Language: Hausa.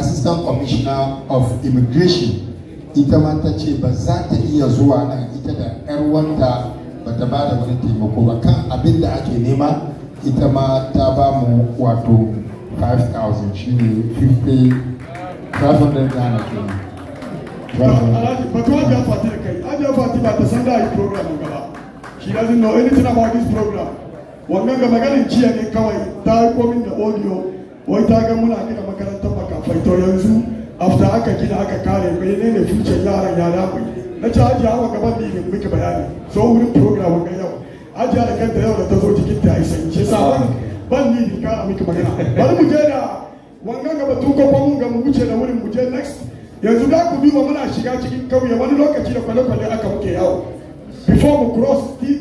assistant commissioner of immigration ita ma ta ce ba za ta iya zuwa nan ita da 'yar wanda ba ta ba da wani taimako ba kan abin da ake nema ita ma ta ba mu wato 5,000 shi ne 50,000 ghana ke ba kawai da fati da kai an ya fati ba ta san da yi program gaba shi doesn't know anything about this program wannan ga maganin jiya ne kawai ta yi komin da audio wai ta ga muna gina makarantar makafai to yanzu afta aka gina aka kare mai ne ne fice yaran ya da na ci aji hawa gaban da yi miki bayani so wurin program ga yau aji da kanta yau da ta zo cikin ta yi sanyi shi sa ban ni ni ka miki magana bari mu je da wannan gaba tuko ko mun ga mu wuce da wurin mu je next yanzu da ku wa muna shiga cikin kauye wani lokaci da kwale-kwale aka muke yawo before mu cross